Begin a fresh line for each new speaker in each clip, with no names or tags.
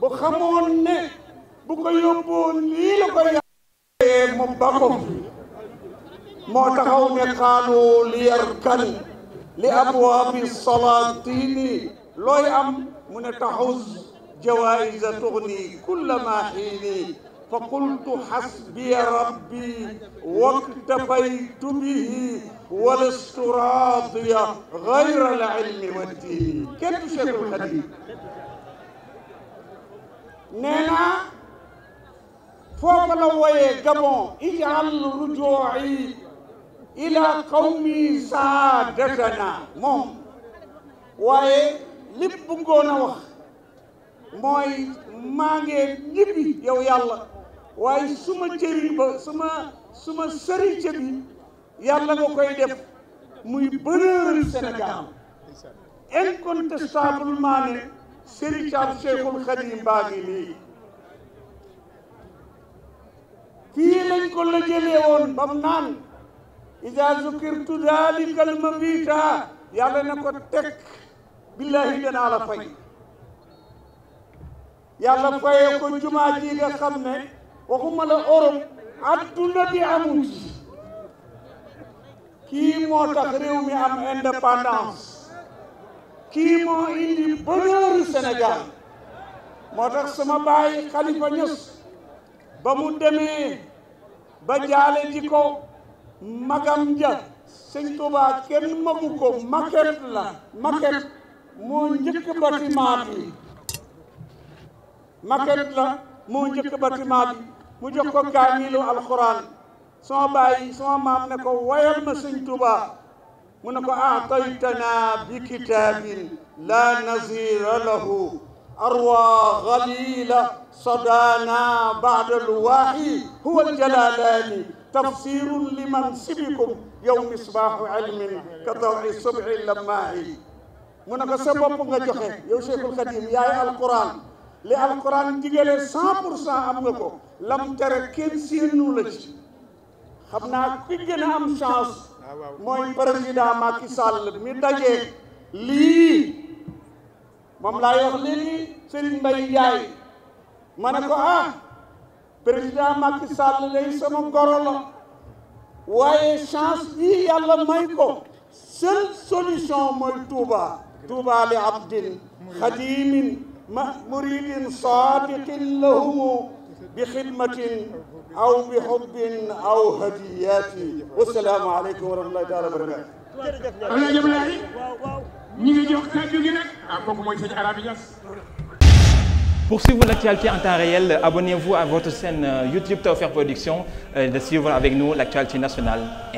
bu xamoon ne bu ko yóbboon lii la ko yàqee mu bako moo taxaw ne xaalu li yarkan li abwaabi salaatini looy am mu ne taxawus jawaïsa tuxni kulla ma xiini fa qultu xasbiya rabbi waktafaytu bihi walastu raadiya gayra al ilmi wa diini kenn du Cheikhul Xadim nee na foofa la wooyee Gabon ijal rujoo'i ila qawmi saadatana moom waaye lépp bu ngoon a wax mooy maa ngi ñibbi yow yàlla waaye suma cëri ba suma suma sërice bi yàlla nga koy def muy bëreeru Sénégal incontestablement ne Serigne Thiam Cheikhul Khadim baa ngi nii fii lañ ko lëjëlee woon bam naan ida zukirtu dalikal mabita yàlla na ko teg billahi danaa la fay yàlla fayee ko jumaa ji xam ne waxuma la Europe adduna bi amul kii moo tax am indépendance kii moo indi bonheuru Sénégal moo tax sama baay Khalifa ba mu demee ba jaale ji ko magam ja sëñ Touba kenn magu ko maquette la maquette moo njëkk bâtiment bi maquette la moo njëkk bâtiment bi mu jox ko kaamilu alxuraan sama baay sama maam ne ko wayal ma sëñ Touba mu ne ko aataytana ah, bi kitaabin laa nazira lahu arwa galila sadana baada luwaaxi huwa aljalalaani tafsiru limansibikum yow misbaahu ilmin ka dawi subhi lammaahi mu ne ko sa bopp nga joxe yow Cheikhul Khadim yaay alquran li alquran digale cent pour cent am nga ko lam tere kenn séenu la ci xam naa ki gën a am chance mooy président Macky Sall mi daje lii moom laay wax léegi Serigne Mbaye Ndiaye ma ne ko ah président Macky Sall day sama goro la waaye chance bi yàlla may ko seule solution mooy Touba Touba li abdin xadimin ma muridin sadiqin lahumu بخدمة أو بحب أو هديات والسلام عليكم ورحمة الله تعالى وبركاته. أنا جبلاني. ñu ngi jox kàddu gi nag. ah kooku mooy sëñ Arabi Niass. Pour suivre l'actualité en temps réel, abonnez-vous à votre chaîne euh, YouTube Tawfekh
Production et euh, de suivre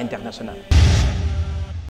internationale.